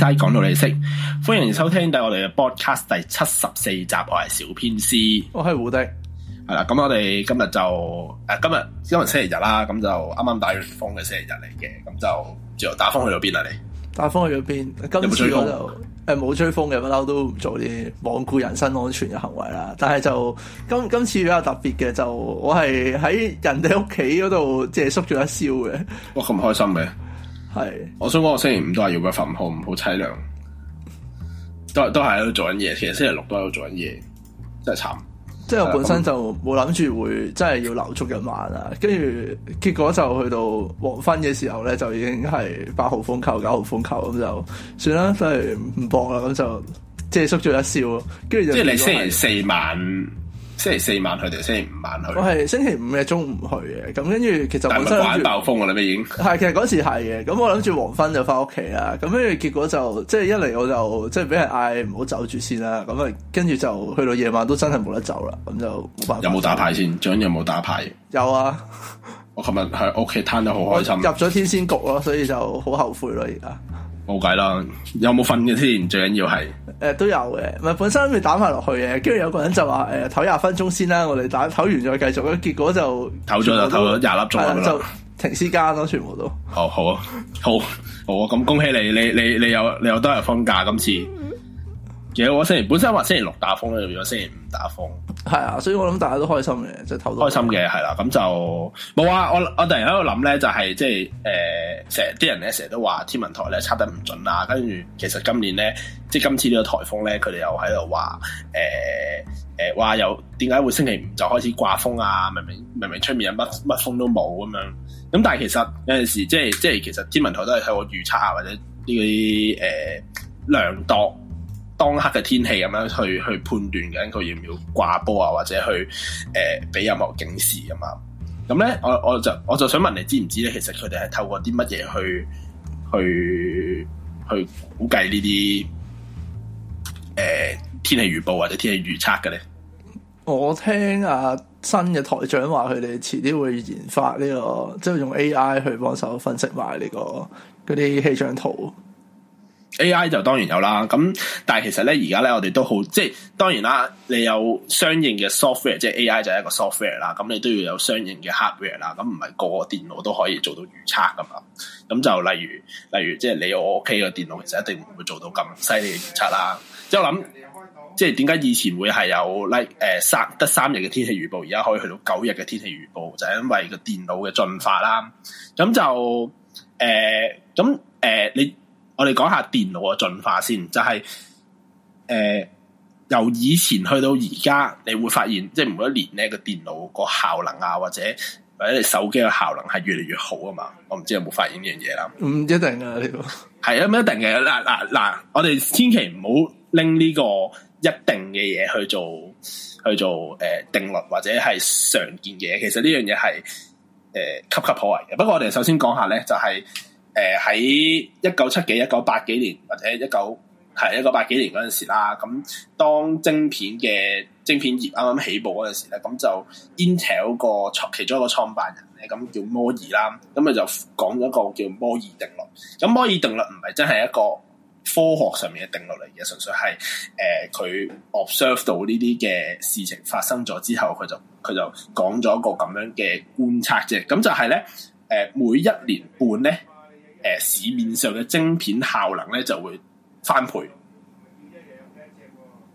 齋講到理識，歡迎收聽我第我哋嘅 broadcast 第七十四集，我係小編 C，我係胡迪的，係啦，咁我哋今日就誒，今日因為星期日啦，咁就啱啱打完風嘅星期日嚟嘅，咁就自由打風去咗邊啊？你打風去咗邊？今次我就誒冇追風嘅，不嬲都唔做啲罔顧人身安全嘅行為啦。但係就今今次比較特別嘅，就我係喺人哋屋企嗰度借宿咗一宵嘅，哇咁、哦、開心嘅。係，是我想講我星期五都係要 work from home，唔好凄涼。都都係喺度做緊嘢，其實星期六都喺度做緊嘢，真係慘。即係我本身就冇諗住會真係要留足一晚啊，跟住結果就去到黃昏嘅時候咧，就已經係八號風球、九號風球咁就算啦，都係唔搏啦，咁就借宿咗一宵。跟住即係你星期四晚。星期四晚去定星期五晚去？我係星期五嘅中午去嘅，咁跟住其實本身玩爆風啊，你咩已經係，其實嗰時係嘅，咁我諗住黃昏就翻屋企啦，咁跟住結果就即係一嚟我就即係俾人嗌唔好走住先啦，咁啊跟住就去到夜晚都真係冇得走啦，咁就冇辦法。有冇打牌先？最緊要有冇打牌？有啊， 我琴日喺屋企攤得好開心。入咗天仙局咯，所以就好後悔咯而家。冇計啦，有冇瞓嘅添？最緊要係，誒、呃、都有嘅，咪本身諗住打埋落去嘅，跟住有個人就話，誒唞廿分鐘先啦，我哋打唞完再繼續，結果就唞咗就唞咗廿粒鐘就停屍間咯，全部都，好好啊，好，好啊，咁恭喜你，你你你，你有你有多日放假今次。嘅星期本身話星期六打風咧，變咗星期五打風。係啊，所以我諗大家都開心嘅，即係頭都開心嘅係啦。咁、啊、就冇啊！我我突然喺度諗咧，就係、是、即係誒，成、呃、啲人咧成日都話天文台咧測得唔準啊。跟住其實今年咧，即係今次呢個台風咧，佢哋又喺度話誒誒，話、呃呃、有點解會星期五就開始刮風啊？明明明明出面有乜乜風都冇咁樣。咁但係其實有陣時，即係即係其實天文台都係喺我預測下，或者呢啲誒量度。當刻嘅天氣咁樣去去判斷緊佢要唔要掛波啊，或者去誒俾、呃、任何警示啊嘛。咁咧，我我就我就想問你，知唔知咧？其實佢哋係透過啲乜嘢去去去估計呢啲誒天氣預報或者天氣預測嘅咧？我聽阿新嘅台長話，佢哋遲啲會研發呢、呢個，即、就、係、係、用 AI 去幫手分析埋、呢、呢個嗰啲氣象圖。A.I. 就當然有啦，咁但係其實咧，而家咧我哋都好即係當然啦，你有相應嘅 software，即係 A.I. 就係一個 software 啦，咁你都要有相應嘅 hardware 啦，咁唔係個個電腦都可以做到預測噶嘛。咁就例如例如即係你我屋企嘅電腦其實一定唔會做到咁犀利嘅預測啦。即係我諗，即係點解以前會係有 like 誒、呃、三得三日嘅天氣預報，而家可以去到九日嘅天氣預報，就係、是、因為個電腦嘅進化啦。咁就誒咁誒你。我哋講下電腦嘅進化先，就係、是、誒、呃、由以前去到而家，你會發現即係每一年咧個電腦個效能啊，或者或者你手機嘅效能係越嚟越好啊嘛。我唔知有冇發現呢樣嘢啦？唔一定啊，係啊，唔、嗯、一定嘅。嗱嗱嗱，我哋千祈唔好拎呢個一定嘅嘢去做去做誒、呃、定律或者係常見嘢。其實呢樣嘢係誒岌岌可危嘅。不過我哋首先講下咧、就是，就係。誒，喺一九七幾，一九八幾年或者一九係一九八幾年嗰陣時啦，咁當晶片嘅晶片業啱啱起步嗰陣時咧，咁就 Intel 個其中一個創辦人咧，咁叫摩爾啦，咁佢就講咗一個叫摩爾定律。咁摩爾定律唔係真係一個科學上面嘅定律嚟嘅，純粹係誒佢、呃、observe 到呢啲嘅事情發生咗之後，佢就佢就講咗一個咁樣嘅觀察啫。咁就係、是、咧，誒、呃、每一年半咧。誒、呃，市面上嘅晶片效能咧就會翻倍，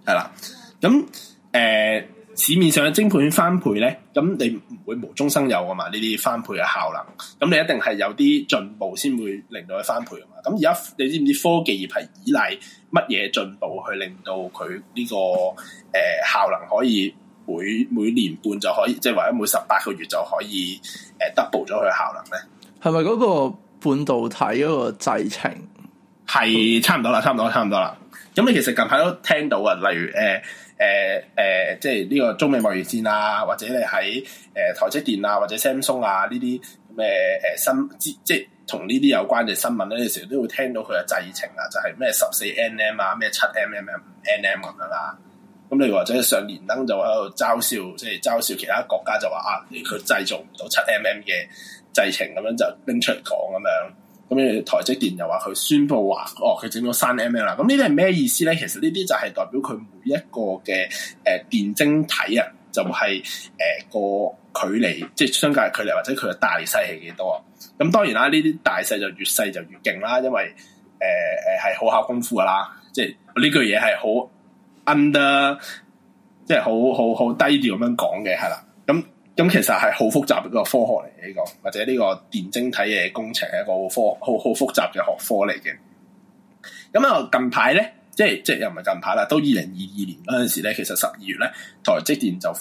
係啦。咁 誒、嗯呃，市面上嘅晶片翻倍咧，咁、嗯、你唔會無中生有噶嘛？呢啲翻倍嘅效能，咁、嗯、你一定係有啲進步先會令到佢翻倍噶嘛？咁而家你知唔知科技業係依賴乜嘢進步去令到佢呢、這個誒、呃、效能可以每每年半就可以，即係話咧每十八個月就可以誒 double 咗佢嘅效能咧？係咪嗰個？半導體嗰個製程係差唔多啦，差唔多，差唔多啦。咁你其實近排都聽到啊，例如誒誒誒，即係呢個中美貿易戰啊，或者你喺誒、呃、台積電啊，或者 Samsung 啊呢啲咩誒新即係同呢啲有關嘅新聞咧，有時候都會聽到佢嘅製程啊，就係咩十四 nm 啊，咩七 nm 五 nm 咁樣啦。咁你或者上年燈就喺度嘲笑，即係嘲笑其他國家就話啊，佢製造唔到七 nm 嘅。製程咁樣就拎出嚟講咁樣，咁樣台積電又話佢宣布話，哦佢整咗三 nm 啦。咁呢啲係咩意思咧？其實呢啲就係代表佢每一個嘅誒、呃、電晶體啊，就係、是、誒、呃、個距離，即係相隔嘅距離，或者佢嘅大細係幾多啊？咁、嗯、當然啦，呢啲大細就越細就越勁啦，因為誒誒係好考功夫噶啦，即係呢句嘢係好 under，即係好好好低調咁樣講嘅係啦，咁、嗯。咁其實係好複雜嘅一個科學嚟嘅呢個，或者呢個電晶體嘅工程係一個科好好複雜嘅學科嚟嘅。咁啊，近排咧，即係即係又唔係近排啦，到二零二二年嗰陣時咧，其實十二月咧，台積電就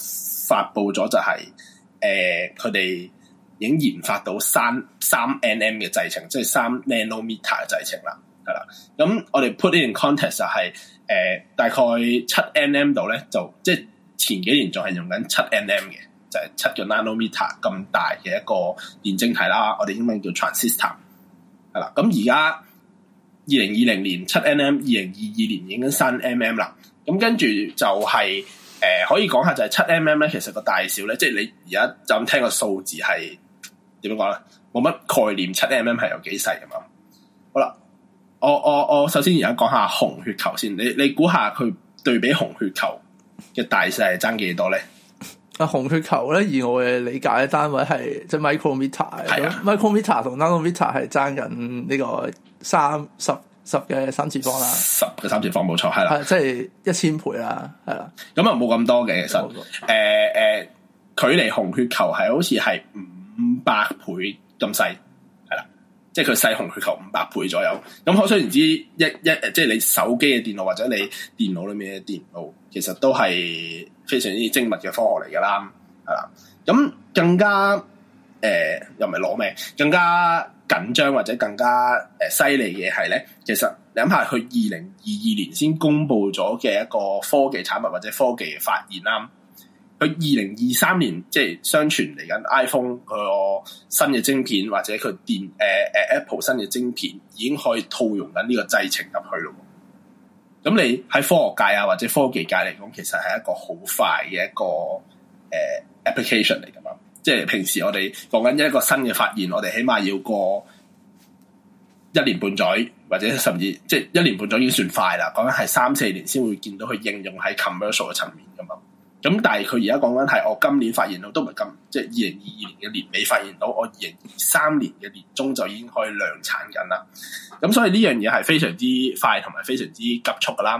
發布咗就係、是，誒、呃，佢哋已經研發到三三 nm 嘅製程，即係三 nanometer 嘅製程啦，係啦。咁我哋 put in context 就係、是，誒、呃，大概七 nm 度咧，就即係前幾年仲係用緊七 nm 嘅。就係七個 nanometer 咁大嘅一個電晶體啦，我哋英文叫 transistor 係啦。咁而家二零二零年七 nm 二零二二年已經三 nm 啦。咁跟住就係、是、誒、呃，可以講下就係七 nm 咧，其實個大小咧，即係你而家就咁聽個數字係點樣講咧，冇乜概念七 nm 係有幾細咁樣。好啦，我我我首先而家講下紅血球先，你你估下佢對比紅血球嘅大小係爭幾多咧？啊紅血球咧，而我嘅理解，嘅單位係即係、就是、micro meter，micro meter 同 nanometer 係爭緊呢個三十十嘅三次方啦，十嘅三次方冇錯，係啦，的即係一千倍啦，係啦，咁啊冇咁多嘅，其實，誒誒的、呃呃，距離紅血球係好似係五百倍咁細。即係佢細紅血球五百倍左右，咁可想而知一一,一即係你手機嘅電腦或者你電腦裏面嘅電腦，其實都係非常之精密嘅科學嚟噶啦，係啦。咁更加誒、呃、又唔係攞命，更加緊張或者更加誒犀利嘅係咧，其實你諗下佢二零二二年先公布咗嘅一個科技產物或者科技發現啦。佢二零二三年即係相傳嚟緊 iPhone 佢個新嘅晶片或者佢電誒誒、呃呃、Apple 新嘅晶片已經可以套用緊呢個製程入去咯。咁你喺科學界啊或者科技界嚟講，其實係一個好快嘅一個誒、呃、application 嚟噶嘛。即係平時我哋講緊一個新嘅發現，我哋起碼要過一年半載或者甚至即係一年半載已經算快啦。講緊係三四年先會見到佢應用喺 commercial 嘅層面噉樣。咁但係佢而家講緊係，我今年發現到都唔係今，即係二零二二年嘅年尾發現到，我二零二三年嘅年中就已經可以量產緊啦。咁所以呢樣嘢係非常之快同埋非常之急促噶啦。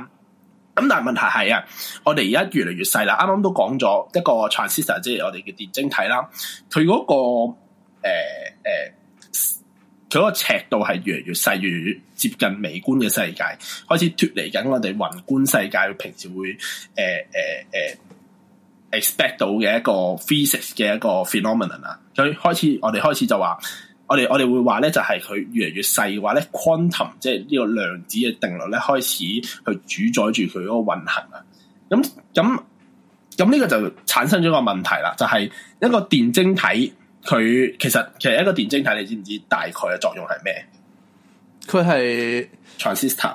咁但係問題係啊，我哋而家越嚟越細啦。啱啱都講咗一個 transistor，即係我哋嘅電晶體啦。佢嗰、那個誒佢嗰個尺度係越嚟越細，越，越接近微觀嘅世界，開始脫離緊我哋宏觀世界。平時會誒誒誒。呃呃呃 expect 到嘅一個 physics 嘅一個 phenomenon 啊，佢開始，我哋開始就話，我哋我哋會話咧，就係佢越嚟越細嘅話咧，quantum 即係呢個量子嘅定律咧，開始去主宰住佢個運行啊。咁咁咁呢個就產生咗一個問題啦，就係一個電晶體，佢其實，其實一個電晶體你知唔知大概嘅作用係咩？佢係 transistor，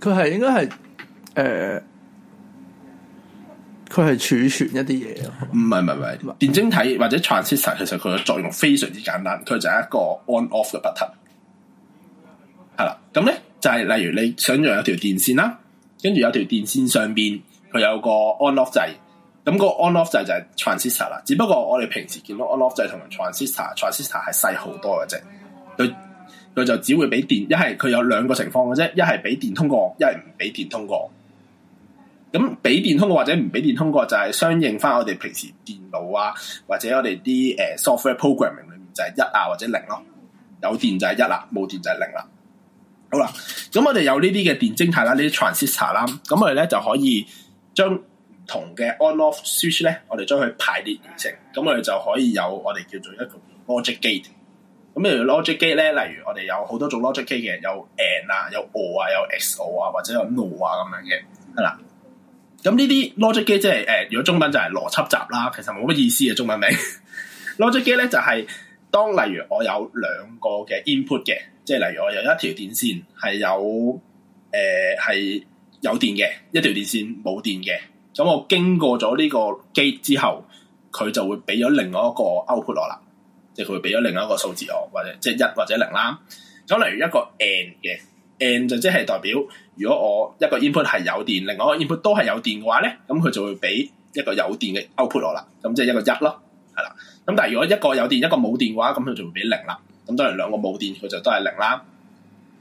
佢係應該係誒。呃佢係儲存一啲嘢，唔係唔係唔係，是電晶體或者 transistor，其實佢嘅作用非常之簡單，佢就係一個 on off 嘅 button。係啦，咁咧就係、是、例如你想象有條電線啦，跟住有條電線上邊佢有個 on off 掣，咁個 on off 掣就係 transistor 啦。只不過我哋平時見到 on off 掣同埋 transistor，transistor 係 trans 細好多嘅啫。佢佢就只會俾電，一係佢有兩個情況嘅啫，一係俾電通過，一係唔俾電通過。咁俾電通過或者唔俾電通過，就係相應翻我哋平時電腦啊，或者我哋啲誒 software programming 裏面就係一啊或者零咯。有電就係一、啊啊、啦，冇電就係零啦。好啦，咁我哋有呢啲嘅電晶體啦，呢啲 transistor 啦，咁我哋咧就可以將唔同嘅 on-off switch 咧，我哋將佢排列完成，咁我哋就可以有我哋叫做一個 logic gate。咁例如 logic gate 咧，例如我哋有好多種 logic gate 嘅，有 and 啊，有 or 啊，有 xor 啊，或者有 no 啊咁樣嘅，係啦。咁呢啲 logic gate 即係誒，如果中文就係邏輯閘啦，其實冇乜意思嘅、啊、中文名。 logic gate 咧就係、是、當例如我有兩個嘅 input 嘅，即係例如我有一條電線係有誒係、呃、有電嘅，一條電線冇電嘅，咁我經過咗呢個機之後，佢就會俾咗另外一個 output 落嚟，即係佢會俾咗另外一個數字我，或者即係一或者零啦。咁例如一個 and 嘅。AND 就即係代表，如果我一個 input 係有電，另外一個 input 都係有電嘅話咧，咁佢就會俾一個有電嘅 output 我啦，咁即係一個一咯，係啦。咁但係如果一個有電，一個冇電嘅話，咁佢就會俾零啦。咁當然兩個冇電，佢就都係零啦。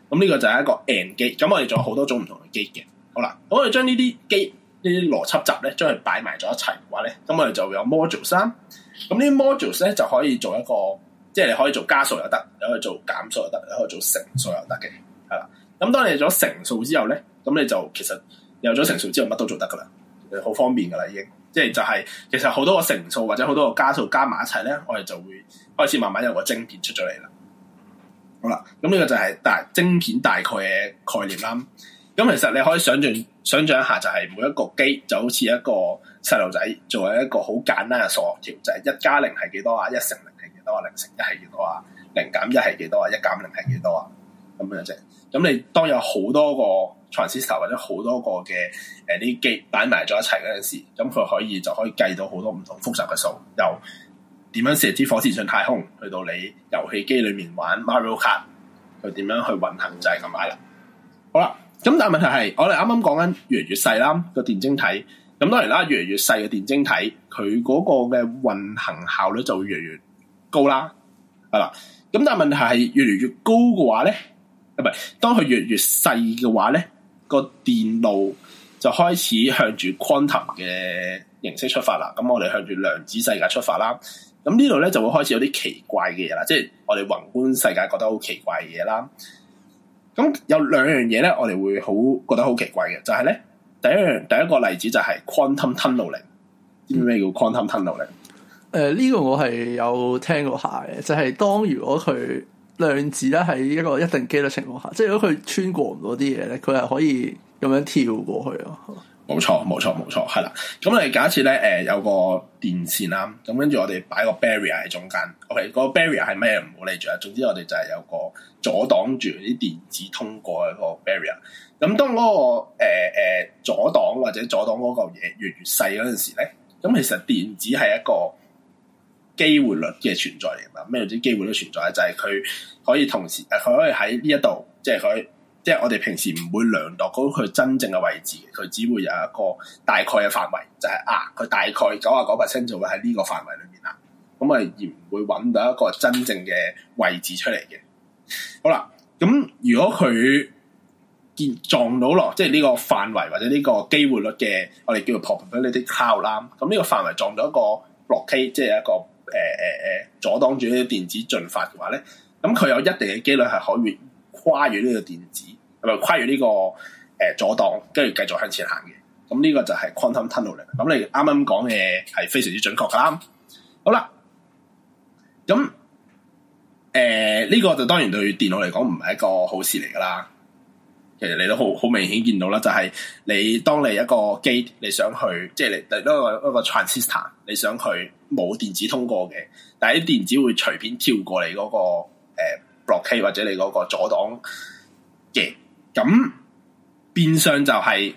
咁呢個就係一個 AND 機，咁我哋仲有好多種唔同嘅機嘅。好啦，咁我哋將呢啲機呢啲邏輯閘咧，將佢擺埋咗一齊嘅話咧，咁我哋就會有 module 三。咁呢啲 module 咧就可以做一個，即係你可以做加數又得，又可以做減數又得，又可以做乘數又得嘅。咁當你有咗乘數之後咧，咁你就其實有咗乘數之後乜都做得噶啦，好方便噶啦已經，即係就係、是、其實好多個乘數或者好多個加數加埋一齊咧，我哋就會開始慢慢有個晶片出咗嚟啦。好啦，咁呢個就係大晶片大概嘅概念啦。咁其實你可以想象想象一下，就係每一個機就好似一個細路仔作為一個好簡單嘅數學條，就係一加零係幾多啊，一乘零係幾多啊，零乘一係幾多啊，零減一係幾多啊，一減零係幾多啊，咁樣啫。咁你當有好多個 transistor 或者好多個嘅誒啲機擺埋咗一齊嗰陣時，咁、嗯、佢可以就可以計到好多唔同複雜嘅數，由點樣射支火箭上太空，去到你遊戲機裏面玩 Mario Kart，佢點樣去運行就係咁解啦。好啦，咁但係問題係，我哋啱啱講緊越嚟越細啦個電晶體，咁當然啦，越嚟越細嘅電晶體，佢嗰個嘅運行效率就會越嚟越高啦。係啦，咁但係問題係，越嚟越高嘅話咧，啊，唔係，當佢越越細嘅話咧，個電路就開始向住 quantum 嘅形式出發啦。咁我哋向住量子世界出發啦。咁呢度咧就會開始有啲奇怪嘅嘢啦，即係我哋宏觀世界覺得好奇怪嘅嘢啦。咁有兩樣嘢咧，我哋會好覺得好奇怪嘅，就係咧第一樣，第一個例子就係 quantum tunneling。知唔知咩叫 quantum tunneling？誒，呢個我係有聽過下嘅，就係當如果佢量子咧喺一個一定幾率情況下，即係如果佢穿過唔到啲嘢咧，佢係可以咁樣跳過去咯。冇錯，冇錯，冇錯，係啦。咁你假設咧，誒、呃、有個電線啦，咁跟住我哋擺個 barrier 喺中間。OK，個 barrier 係咩唔好理住啦。總之我哋就係有個阻擋住啲電子通過嘅個 barrier、那個。咁當嗰個誒誒阻擋或者阻擋嗰嚿嘢越越細嗰陣時咧，咁其實電子係一個。機會率嘅存在嚟噶，咩之機會率存在嘅，就係、是、佢可以同時，佢可以喺呢一度，即係佢，即係我哋平時唔會量度到佢真正嘅位置，佢只會有一個大概嘅範圍，就係、是、啊，佢大概九啊九 percent 就會喺呢個範圍裏面啦，咁啊而唔會揾到一個真正嘅位置出嚟嘅。好啦，咁如果佢見撞到落，即係呢個範圍或者呢個機會率嘅，我哋叫做 probability cloud 啦，咁呢個範圍撞到一個 blockade 即係一個。誒誒誒，阻擋住呢啲電子進發嘅話咧，咁、嗯、佢有一定嘅機率係可以跨越呢個電子，唔係跨越呢、這個誒、呃、阻擋，跟住繼續向前行嘅。咁、嗯、呢、這個就係 quantum tunnel 嚟。咁、嗯、你啱啱講嘅係非常之準確㗎啦。好啦，咁誒呢個就當然對電腦嚟講唔係一個好事嚟㗎啦。其實你都好好明顯見到啦，就係、是、你當你一個機你想去，即係你一個一個 transistor，你想去冇電子通過嘅，但係啲電子會隨便跳過你嗰個誒 blocker 或者你嗰個阻擋嘅。咁變相就係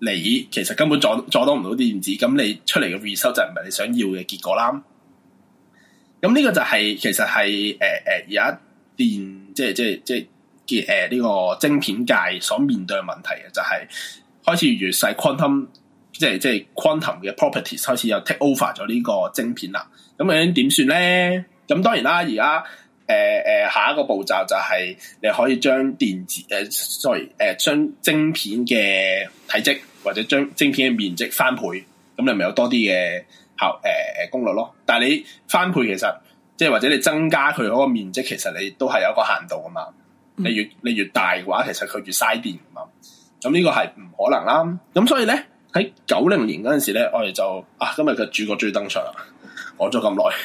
你其實根本阻阻擋唔到電子，咁你出嚟嘅 result 就唔係你想要嘅結果啦。咁呢個就係、是、其實係誒誒而家電，即係即係即係。嘅呢個晶片界所面對嘅問題嘅就係開始越細 quantum，即係即係 quantum 嘅 properties 開始又 take over 咗呢個晶片啦。咁咁點算咧？咁當然啦，而家誒誒下一個步驟就係你可以將電子誒、呃、，sorry 誒、呃，將晶片嘅體積或者將晶片嘅面積翻倍，咁你咪有多啲嘅效誒誒功率咯。但係你翻倍其實即係或者你增加佢嗰個面積，其實你都係有一個限度噶嘛。你越你越大嘅話，其實佢越嘥電嘛。咁呢個係唔可能啦。咁所以咧，喺九零年嗰陣時咧，我哋就啊，今日嘅主角終於登場啦。講咗咁耐，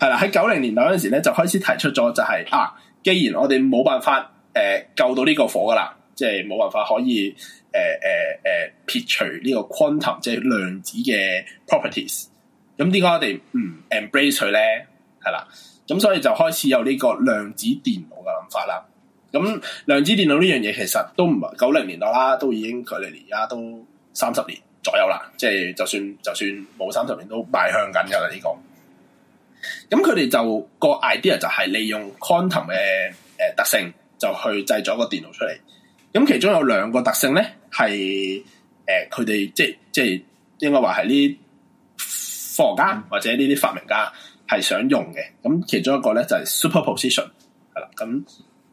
係 啦。喺九零年代嗰陣時咧，就開始提出咗就係、是、啊，既然我哋冇辦法誒、呃、救到呢個火噶啦，即係冇辦法可以誒誒誒撇除呢個 quantum 即係量子嘅 properties。咁點解我哋唔 embrace 佢咧？係啦。咁所以就開始有呢個量子電腦嘅諗法啦。咁量子電腦呢樣嘢其實都唔係九零年代啦，都已經距離而家都三十年左右啦。即、就、係、是、就算就算冇三十年都邁向緊噶啦呢個。咁佢哋就、那個 idea 就係利用 quantum 嘅誒、呃、特性，就去製咗個電腦出嚟。咁其中有兩個特性咧，係誒佢哋即即係應該話係啲科學家或者呢啲發明家。係想用嘅，咁其中一個咧就係、是、superposition，係啦，咁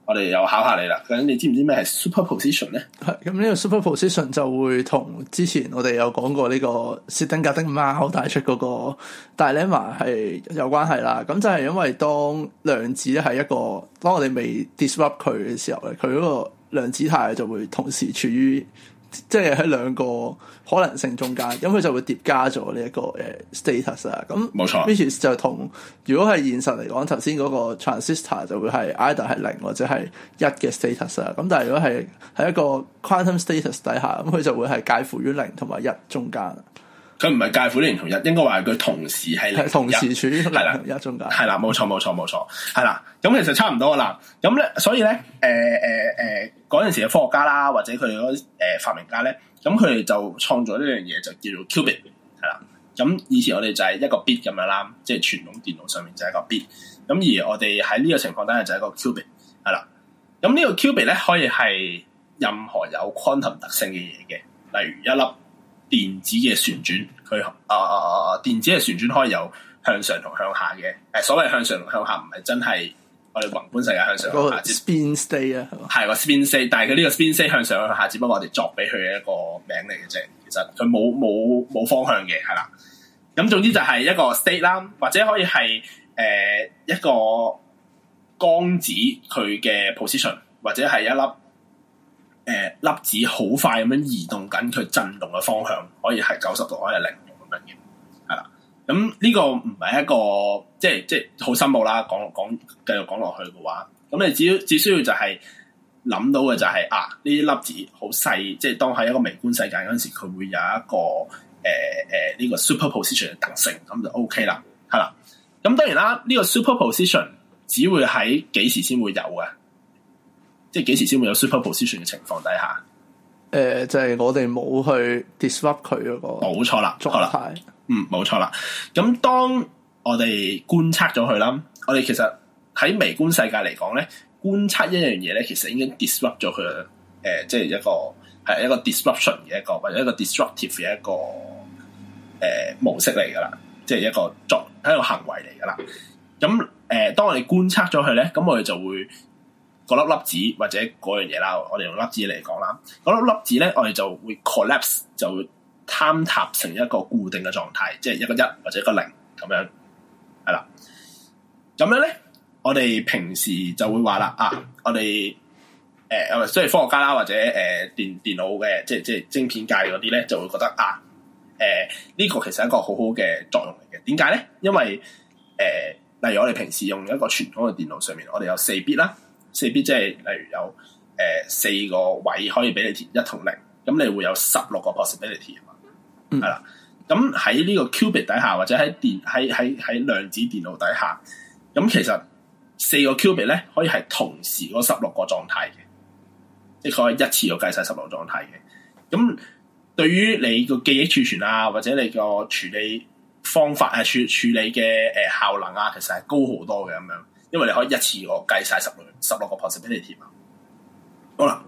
我哋又考下你啦。究竟你知唔知咩係 superposition 咧？咁呢、這個 superposition 就會同之前我哋有講過呢個薛丁格的貓帶出嗰個大 lemma 係有關係啦。咁就係因為當量子係一個當我哋未 disrupt 佢嘅時候咧，佢嗰個量子態就會同時處於。即係喺兩個可能性中間，咁、嗯、佢就會疊加咗呢一個誒、呃、status 啊。咁冇錯、嗯、which 就同如果係現實嚟講，頭先嗰個 transistor 就會係 either 係零或者係一嘅 status 啊。咁但係如果係喺一個 quantum status 底下，咁、嗯、佢就會係介乎於零同埋一中間。佢唔係介乎呢年同日，應該話佢同時係同時係啦，一種間係啦，冇錯冇錯冇錯，係啦。咁、嗯、其實差唔多啦。咁咧，所以咧，誒誒誒，嗰、呃、陣、呃呃、時嘅科學家啦，或者佢哋嗰啲誒發明家咧，咁佢哋就創造呢樣嘢，就叫做 qubit 係啦。咁、嗯、以前我哋就係一個 bit 咁樣啦，即係傳統電腦上面就係一個 bit。咁而我哋喺呢個情況底下就係一個 qubit 係啦。咁、嗯、呢、這個 qubit 咧可以係任何有 quantum 特性嘅嘢嘅，例如一粒。電子嘅旋轉，佢啊啊啊啊！電子嘅旋轉可以有向上同向下嘅，誒、呃，所謂向上同向下唔係真係我哋宏觀世界向上向下。嗰個 spin state 啊，係嘛？係個 spin state，但係佢呢個 spin state 向上向下，只不過我哋作俾佢嘅一個名嚟嘅啫。其實佢冇冇冇方向嘅，係啦。咁總之就係一個 state 啦，或者可以係誒、呃、一個光子佢嘅 position，或者係一粒。誒、呃，粒子好快咁樣移動緊，佢震動嘅方向可以係九十度，可以係零度咁樣嘅，係啦。咁、嗯、呢、呢個唔係一個，即係即係好深奧啦。講講繼續講落去嘅話，咁你只要只需要就係諗到嘅就係、是、啊，呢啲粒子好細，即係當喺一個微觀世界嗰陣時，佢會有一個誒誒呢個 super position 嘅特性，咁就 OK 啦，係啦。咁、嗯、當然啦，呢、呢個 super position 只會喺幾時先會有啊？即係幾時先會有 superposition 嘅情況底下？誒、呃，就係、是、我哋冇去 disrupt 佢嗰個，冇錯啦，係，嗯，冇錯啦。咁當我哋觀測咗佢啦，我哋其實喺微觀世界嚟講咧，觀測一樣嘢咧，其實已經 disrupt 咗佢，誒、呃，即係一個係一個 disruption 嘅一個或者一個 destructive 嘅一個誒、呃、模式嚟噶啦，即係一個作一個行為嚟噶啦。咁誒、呃，當我哋觀測咗佢咧，咁我哋就會。嗰粒粒子或者嗰樣嘢啦，我哋用粒子嚟講啦。嗰、那、粒、個、粒子咧，我哋就會 collapse，就會坍塌成一個固定嘅狀態，即係一個一或者一個零咁樣，係啦。咁樣咧，我哋平時就會話啦，啊，我哋誒、呃，即係科學家啦，或者誒、呃、電電腦嘅，即係即係晶片界嗰啲咧，就會覺得啊，誒、呃、呢、這個其實係一個好好嘅作用嚟嘅。點解咧？因為誒、呃，例如我哋平時用一個傳統嘅電腦上面，我哋有四 bit 啦。四 B 即係例如有誒、呃、四個位可以俾你填一同零，咁你會有十六個 possibility 啊嘛、嗯，係啦。咁喺呢個 qubit 底下，或者喺電喺喺喺量子電腦底下，咁其實四個 qubit 咧可以係同時嗰十六個狀態嘅，即係可以一次就計晒十六狀態嘅。咁對於你個記憶儲存啊，或者你個處理方法啊，處理、呃、處理嘅誒效能啊，其實係高好多嘅咁樣。因為你可以一次我計晒十六、十六個 possibility 嘛，好啦，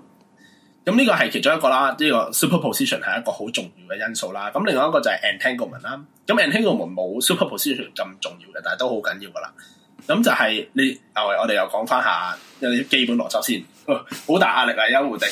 咁呢個係其中一個啦，呢、這個 super position 係一個好重要嘅因素啦。咁另外一個就係 entanglement 啦。咁 entanglement 冇 super position 咁重要嘅，但係都好緊要㗎啦。咁就係、是、你，啊、哦，我哋又講翻下有啲基本邏輯先。好大壓力啊，胡迪！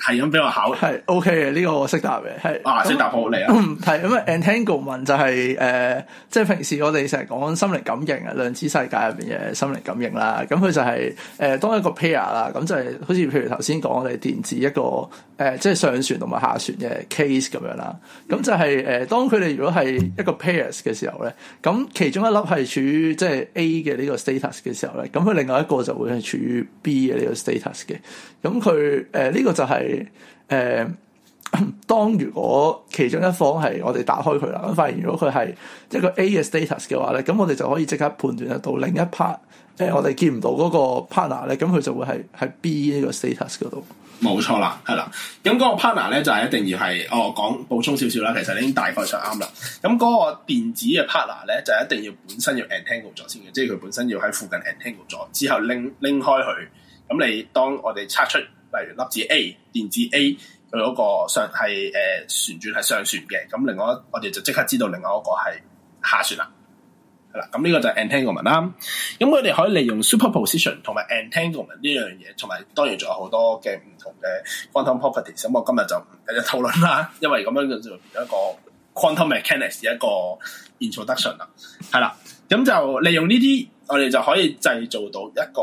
係咁俾我考慮，係 OK 嘅，呢個我識答嘅。係啊，先哇那答我嚟啊，係咁啊 Entanglement 就係、是、誒、即、呃、係、就是、平時我哋成日講心靈感應啊，量子世界入邊嘅心靈感應啦，咁佢就係、是、誒、呃，當一個 pair 啦、就是，咁就係好似譬如頭先講我哋電子一個誒、即、呃、係、就是、上旋同埋下旋嘅 case 咁樣啦，咁就係、是、誒、呃，當佢哋如果係一個 pairs 嘅時候咧，咁其中一粒係處於即係 A 嘅呢個 status 嘅時候咧，咁佢另外一個就會係處於 B 嘅呢個 status 嘅，咁、呃、佢。呃誒，呢個就係、是、誒、呃，當如果其中一方係我哋打開佢啦，咁發現如果佢係一個 A 嘅 status 嘅話咧，咁我哋就可以即刻判斷得到另一 part，誒、呃，我哋見唔到嗰個 partner 咧，咁佢就會係喺 B 呢個 status 嗰度。冇錯啦，係啦。咁嗰個 partner 咧就係、是、一定要係，我、哦、講補充少少啦，其實你已經大概上啱啦。咁嗰個電子嘅 partner 咧就係、是、一定要本身要 entangle 咗先嘅，即係佢本身要喺附近 entangle 咗之後拎拎開佢，咁你當我哋測出。例如粒子 A，電子 A，佢嗰個上係誒旋轉係上旋嘅，咁另外我哋就即刻知道另外一個係下旋啦，係啦。咁、這、呢個就係 entanglement 啦。咁我哋可以利用 superposition 同埋 entanglement 呢樣嘢，同埋當然仲有好多嘅唔同嘅 quantum properties。咁我今日就唔一一討論啦，因為咁樣嘅就變咗一個 quantum mechanics 嘅一個 introduction 啦，係啦。咁就利用呢啲，我哋就可以製造到一個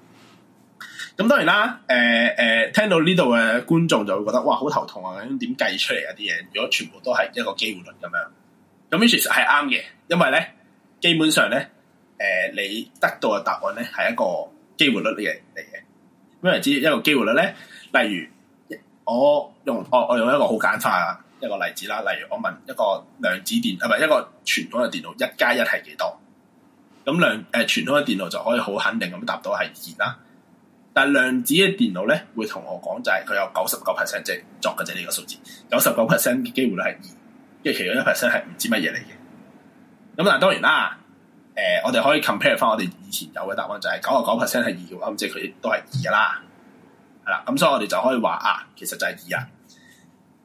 咁當然啦，誒、呃、誒、呃，聽到呢度嘅觀眾就會覺得哇，好頭痛啊！咁點計出嚟一啲嘢？如果全部都係一個機會率咁樣，咁呢？其實係啱嘅，因為咧，基本上咧，誒、呃，你得到嘅答案咧係一個機會率嚟嚟嘅。咁為之一個機會率咧，例如我用我我用一個好簡化一個例子啦，例如我問一個量子電啊，唔、呃、一個傳統嘅電腦，一加一係幾多？咁兩誒傳統嘅電腦就可以好肯定咁答到係二啦。但量子嘅電腦咧，會同我講，就係佢有九十九 percent 即係作嘅啫，呢、就是這個數字九十九 percent 嘅機會率係二，即係其中一 percent 係唔知乜嘢嚟嘅。咁、嗯、但係當然啦，誒、呃，我哋可以 compare 翻我哋以前有嘅答案就，就係九十九 percent 係二嘅話，咁即係佢都係二㗎啦。係啦，咁、嗯、所以我哋就可以話啊，其實就係二啊。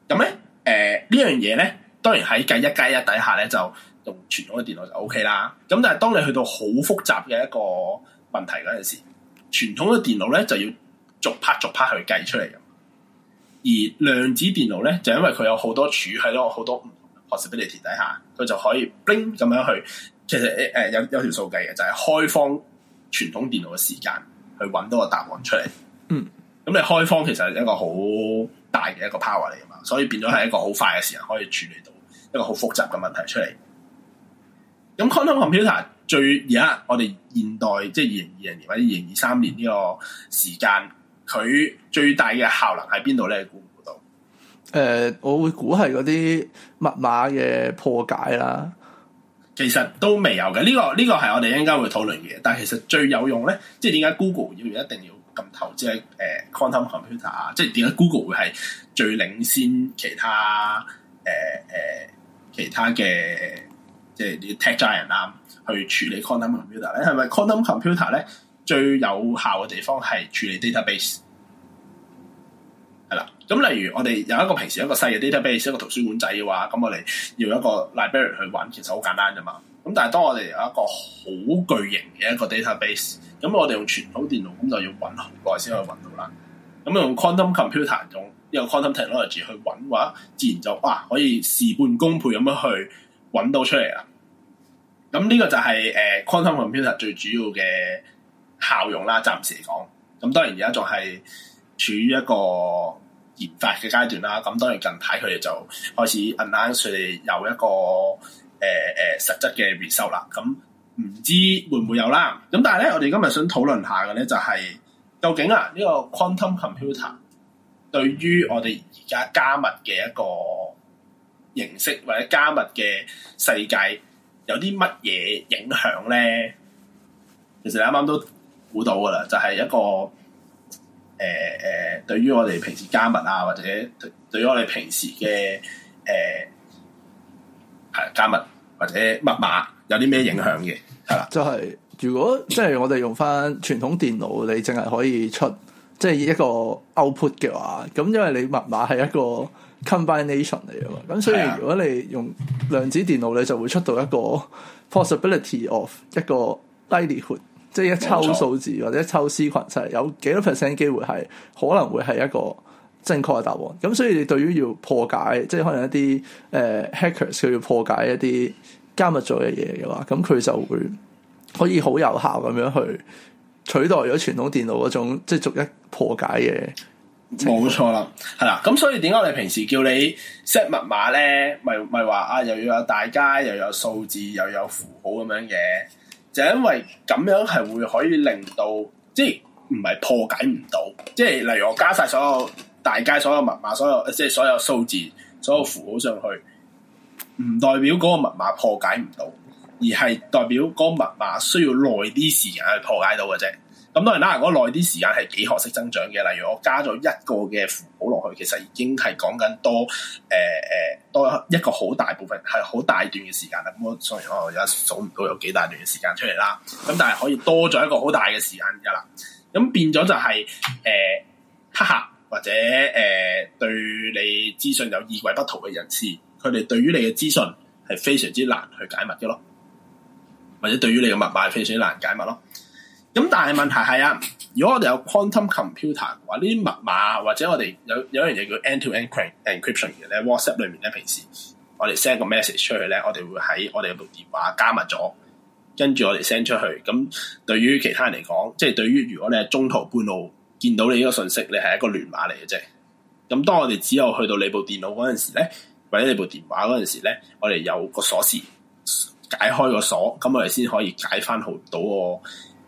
咁、嗯、咧，誒、呃、呢樣嘢咧，當然喺計一加一底下咧，就用傳統嘅電腦就 OK 啦。咁、嗯、但係當你去到好複雜嘅一個問題嗰陣時。傳統嘅電腦咧就要逐拍逐拍去計出嚟嘅，而量子電腦咧就因為佢有好多柱喺囉好多唔同嘅 possibility 底下，佢就可以 blink 咁樣去，其實誒、呃、有有條數計嘅，就係、是、開方傳統電腦嘅時間去揾到個答案出嚟。嗯，咁、嗯、你開方其實係一個好大嘅一個 power 嚟啊嘛，所以變咗係一個好快嘅時間可以處理到一個好複雜嘅問題出嚟。咁、嗯、content computer。最而家我哋現代即係二零二零年或者二零二三年呢個時間，佢最大嘅效能喺邊度咧估唔估到？l、呃、我會估係嗰啲密碼嘅破解啦。其實都未有嘅，呢、這個呢、這個係我哋應該會討論嘅。但係其實最有用咧，即係點解 Google 要一定要咁投資喺誒、呃、quantum computer 啊？即係點解 Google 會係最領先其他誒誒、呃呃、其他嘅即係啲 tech giant 啊？去處理 quantum computer 咧，係咪 quantum computer 咧最有效嘅地方係處理 database 係啦。咁例如我哋有一個平時一個細嘅 database，一個圖書館仔嘅話，咁我哋要一個 library 去揾，其實好簡單啫嘛。咁但係當我哋有一個好巨型嘅一個 database，咁我哋用傳統電腦咁就要揾好耐先可以揾到啦。咁用 quantum computer 用呢個 quantum technology 去揾話，自然就哇、啊，可以事半功倍咁樣去揾到出嚟啦！咁呢個就係誒 quantum computer 最主要嘅效用啦，暫時嚟講。咁當然而家仲係處於一個研發嘅階段啦。咁當然近排佢哋就開始 announce 佢哋有一個誒誒、呃、實質嘅 result 啦。咁唔知會唔會有啦？咁但係咧，我哋今日想討論下嘅咧、就是，就係究竟啊呢、這個 quantum computer 對於我哋而家加密嘅一個形式或者加密嘅世界。有啲乜嘢影響咧？其實你啱啱都估到噶啦，就係一個誒誒，對於我哋平時加密啊，或者對對於我哋平時嘅誒係加密或者密碼有啲咩影響嘅係啦。就係如果即係我哋用翻傳統電腦，你淨係可以出即係一個 output 嘅話，咁因為你密碼係一個 combination 嚟㗎嘛，咁所以如果你用量子電腦，你就會出到一個 possibility of 一個 likelihood，即係一抽數字冇錯或者一抽絲群出嚟，有幾多 percent 機會係可能會係一個正確嘅答案。咁所以你對於要破解，即係可能一啲誒 hackers 佢要破解一啲加密咗嘅嘢嘅話，咁佢就會可以好有效咁樣去取代咗傳統電腦嗰種即係逐一破解嘅。冇錯啦，係啦，咁所以點解我哋平時叫你 set 密碼咧，咪咪話啊，又要有大階，又有數字，又有符號咁樣嘅，就因為咁樣係會可以令到，即係唔係破解唔到，即係例如我加晒所有大階所有密碼，所有即係所有數字，所有符號上去，唔、嗯、代表嗰個密碼破解唔到，而係代表嗰個密碼需要耐啲時間去破解到嘅啫。咁、嗯、多人啦、啊，如果耐啲時間係幾何式增長嘅，例如我加咗一個嘅符號落去，其實已經係講緊多誒誒、呃、多一個好大部分係好大段嘅時間啦。咁、嗯、我 sorry 我而家數唔到有幾大段嘅時間出嚟啦。咁、嗯、但係可以多咗一個好大嘅時間㗎啦。咁、嗯、變咗就係誒黑客或者誒、呃、對你資訊有意圖不軌嘅人士，佢哋對於你嘅資訊係非常之難去解密嘅咯，或者對於你嘅密碼係非常之難解密咯。咁但係問題係啊，如果我哋有 quantum computer 嘅話，呢啲密碼或者我哋有有一樣嘢叫 end-to-end encryption 嘅咧，WhatsApp 裏面咧平時我哋 send 個 message 出去咧，我哋會喺我哋部電話加密咗，跟住我哋 send 出去。咁對於其他人嚟講，即係對於如果你係中途半路見到你呢個信息，你係一個亂碼嚟嘅啫。咁當我哋只有去到你部電腦嗰陣時咧，或者你部電話嗰陣時咧，我哋有個鎖匙解開個鎖，咁我哋先可以解翻好到我。誒誒誒，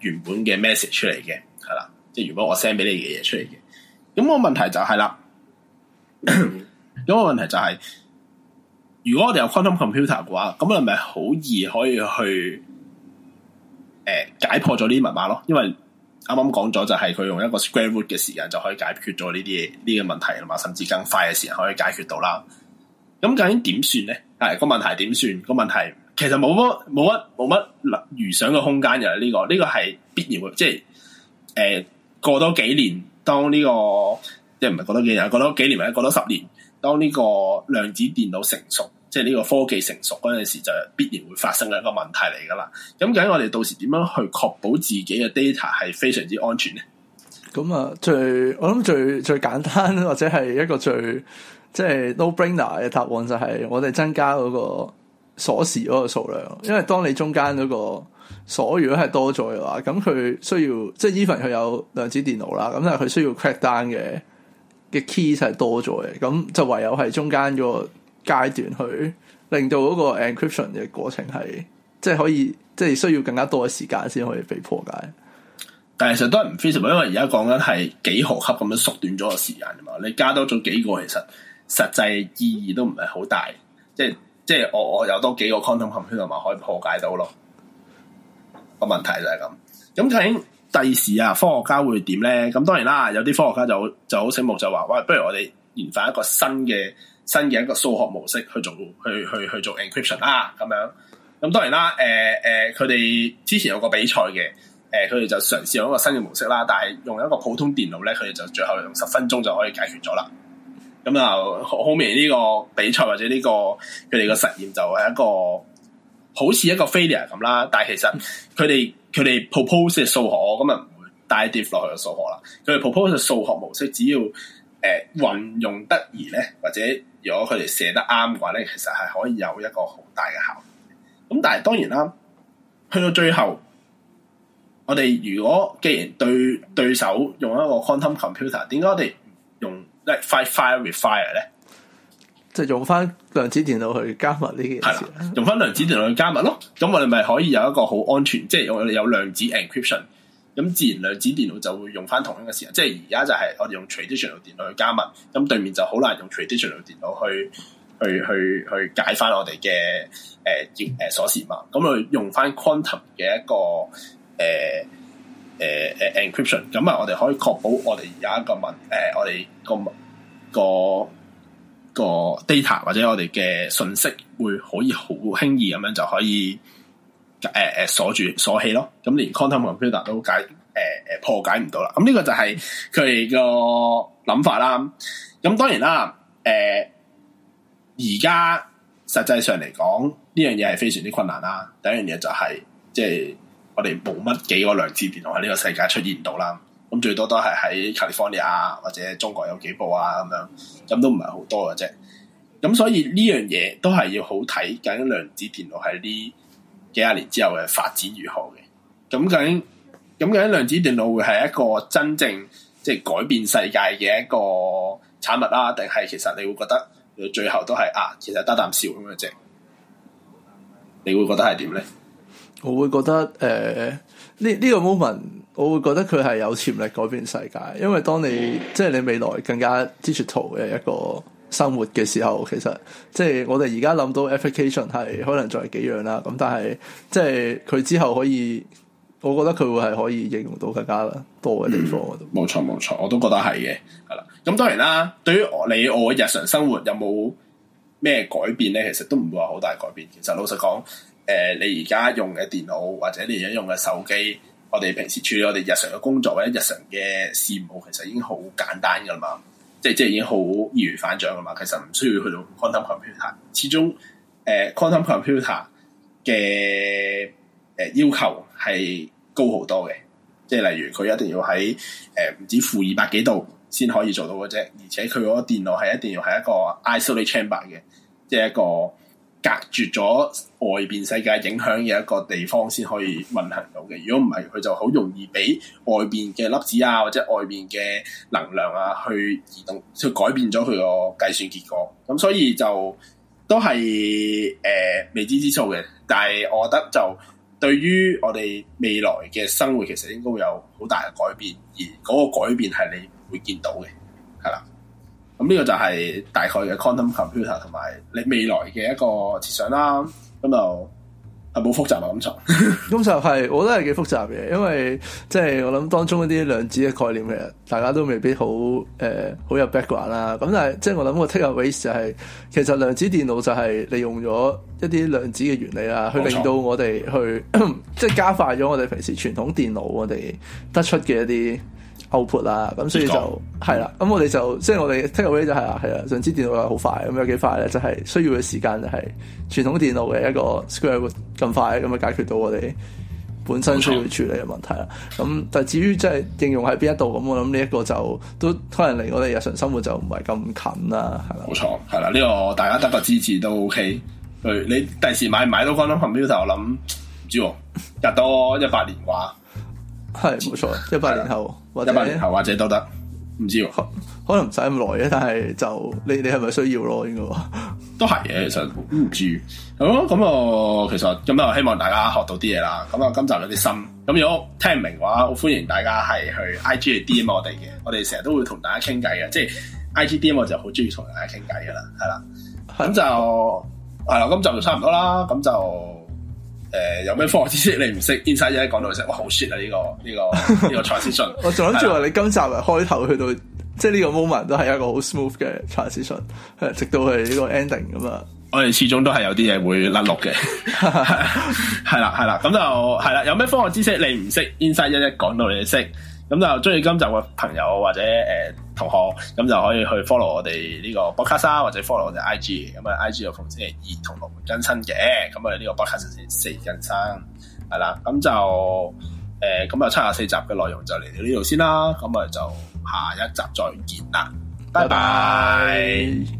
原本嘅 message 出嚟嘅，係啦，即係如果我 send 俾你嘅嘢出嚟嘅。咁個問題就係、是、啦，咁個、嗯、 問題就係、是，如果我哋有 quantum computer 嘅話，咁係咪好易可以去誒、呃、解破咗呢啲密碼咯？因為啱啱講咗就係佢用一個 square root 嘅時間就可以解決咗呢啲嘢，呢個問題嘛，甚至更快嘅時間可以解決到啦。咁究竟點算咧？係個問題係點算個問題？其實冇乜冇乜冇乜預想嘅空間嘅呢、呢個呢、呢個係必然會，即係誒、呃、過多幾年，當呢、呢個即係唔係過多幾年，過多幾年或者過，過多十年，當呢個量子電腦成熟，即係呢個科技成熟嗰陣時，就必然會發生嘅一個問題嚟噶啦。咁究竟我哋到時點樣去確保自己嘅 data 係非常之安全咧？咁啊，最我諗最最簡單或者係一個最即係、就是、no brainer 嘅答案就係我哋增加嗰、嗰個。鎖匙嗰個數量，因為當你中間嗰個鎖如果係多咗嘅話，咁佢需要即係 even 佢有量子電腦啦，咁但係佢需要 crack 單嘅嘅 key 就係多咗嘅，咁就唯有係中間個階段去令到嗰個 encryption 嘅過程係即係可以，即係需要更加多嘅時間先可以被破解。但係其實都係唔 feasible，因為而家講緊係幾毫克咁樣縮短咗個時間嘛，你加多咗幾個，其實實際意義都唔係好大，即係。即係我我有多幾個 quantum computer，同埋可以破解到咯個問題就係咁。咁究竟第時啊科學家會點咧？咁當然啦，有啲科學家就就好醒目就話，喂，不如我哋研發一個新嘅新嘅一個數學模式去做去去去做 encryption 啦咁樣。咁當然啦，誒、呃、誒，佢、呃、哋之前有個比賽嘅，誒佢哋就嘗試用一個新嘅模式啦，但係用一個普通電腦咧，佢哋就最後用十分鐘就可以解決咗啦。咁啊、嗯，後面呢個比賽或者呢、個佢哋個實驗就係一個好似一個 failure 咁啦，但係其實佢哋佢哋 propose 嘅數學，我咁啊唔會帶跌落去嘅數學啦。佢哋 propose 嘅數學模式，只要誒呃、運用得宜咧，或者如果佢哋寫得啱嘅話咧，其實係可以有一個好大嘅效果。咁但係當然啦，去到最後，我哋如果既然對對手用一個 quantum computer，點解我哋用？咧、like、fire fire refire 咧，即係用翻量子電腦去加密呢件事呢，用翻量子電腦去加密咯。咁我哋咪可以有一個好安全，即係我哋有量子 encryption。咁自然量子電腦就會用翻同樣嘅時間。即係而家就係我哋用 traditional 電腦去加密，咁對面就好難用 traditional 電腦去去去去解翻我哋嘅誒誒鎖匙嘛。咁我哋用翻 quantum 嘅一個誒。呃誒誒 encryption，咁啊，ption, 我哋可以確保我哋而家一個文，誒、呃、我哋個個個 data 或者我哋嘅信息會可以好輕易咁樣就可以誒誒、呃、鎖住鎖起咯，咁、嗯、連 quantum computer 都解誒誒、呃、破解唔到啦。咁、嗯、呢、這個就係佢哋個諗法啦。咁、嗯、當然啦，誒而家實際上嚟講，呢樣嘢係非常之困難啦。第一樣嘢就係、是、即係。我哋冇乜幾個量子電腦喺呢個世界出現到啦，咁最多都係喺加利福尼亞或者中國有幾部啊咁樣，咁都唔係好多嘅啫。咁所以呢樣嘢都係要好睇究竟量子電腦喺呢幾廿年之後嘅發展如何嘅。咁究竟，咁究竟量子電腦會係一個真正即係改變世界嘅一個產物啦、啊，定係其實你會覺得最後都係啊，其實得啖笑咁嘅啫。你會覺得係點咧？我會覺得誒，呢、呃、呢、呢個 moment，我會覺得佢係有潛力改變世界，因為當你即係你未來更加 digital 嘅一個生活嘅時候，其實即係我哋而家諗到 application 係可能仲係幾樣啦，咁但係即係佢之後可以，我覺得佢會係可以應用到更加多嘅地方。冇、嗯、錯冇錯,我都覺得係嘅。係啦、嗯，咁當然啦，對於你我日常生活有冇咩改變咧，其實都唔會話好大改變。其實老實講。誒、呃，你而家用嘅電腦或者你而家用嘅手機，我哋平時處理我哋日常嘅工作或者日常嘅事務，其實已經好簡單噶啦嘛，即係即係已經好易如反掌噶嘛。其實唔需要去到 quantum computer，始終誒、呃、quantum computer 嘅誒、呃、要求係高好多嘅，即係例如佢一定要喺誒唔止負二百幾度先可以做到嘅啫，而且佢嗰個電腦係一定要係一個 isolated chamber 嘅，即係一個隔絕咗外邊世界影響嘅一個地方先可以運行到嘅，如果唔係，佢就好容易俾外邊嘅粒子啊，或者外邊嘅能量啊，去移動，去改變咗佢個計算結果。咁所以就都係誒、呃、未知之數嘅。但係我覺得就對於我哋未來嘅生活，其實應該會有好大嘅改變，而嗰個改變係你會見到嘅，係啦。咁呢個就係大概嘅 quantum computer 同埋你未來嘅一個設想啦。咁就係冇複雜啊，咁就咁就係，我覺得係幾複雜嘅，因為即係、就是、我諗當中一啲量子嘅概念其實大家都未必好誒好有 background 啦。咁、呃、但係即係我諗個 take away 就係，其實量子電腦就係利用咗一啲量子嘅原理啊，嗯、去令到我哋去，去即係加快咗我哋平時傳統電腦我哋得出嘅一啲。後撥啦，咁所以就係啦，咁我哋就即係我哋 technology 就係啦，係啦，上次電腦又好快，咁有幾快咧？就係需要嘅時間就係傳統電腦嘅一個 square 咁快咁啊，解決到我哋本身需要處理嘅問題啦。咁但係至於即係應用喺邊一度，咁我諗呢一個就都可能離我哋日常生活就唔係咁近啦，係啦。冇錯，係啦，呢個大家得到支持都 OK。你第時買買多翻啦，潘表我諗唔知日多一百年話係冇錯，一百年後。或者一百年後或者都得，唔知喎，可能唔使咁耐嘅，但係就你哋係咪需要咯？應該都係嘅，其實唔知。于。好，咁啊，其實咁啊，希望大家學到啲嘢啦。咁啊，今集有啲新，咁如果聽唔明嘅話，我歡迎大家係去 I G 嚟 D M 我哋嘅， 我哋成日都會同大家傾偈嘅，即係 I G D M 我就好中意同大家傾偈噶啦，係啦，咁就係啦，咁是的、嗯、就差唔多啦，咁就。誒、呃，有咩科學知識你唔識？Inscie 一一講到你識。這個，哇、這個，好 shit 啊！呢個呢個呢個 transition，我仲諗住話你今集啊開頭去到，即係呢個 moment 都係一個好 smooth 嘅 transition，直到係呢個 ending 咁啊！我哋始終都係有啲嘢會甩落嘅，係啦係啦，咁就係啦，啊。有咩科學知識你唔識？Inscie 一一講到你識，咁就中意今集嘅朋友或者誒。呃同學咁就可以去 follow 我哋呢個 podcast 或者 follow 我哋 IG，咁啊 IG 就逢星期二同六更新嘅，咁啊呢個 podcast 先四更新，係啦，咁就誒咁啊七十四集嘅內容就嚟到呢度先啦，咁啊就下一集再見啦，拜拜。拜拜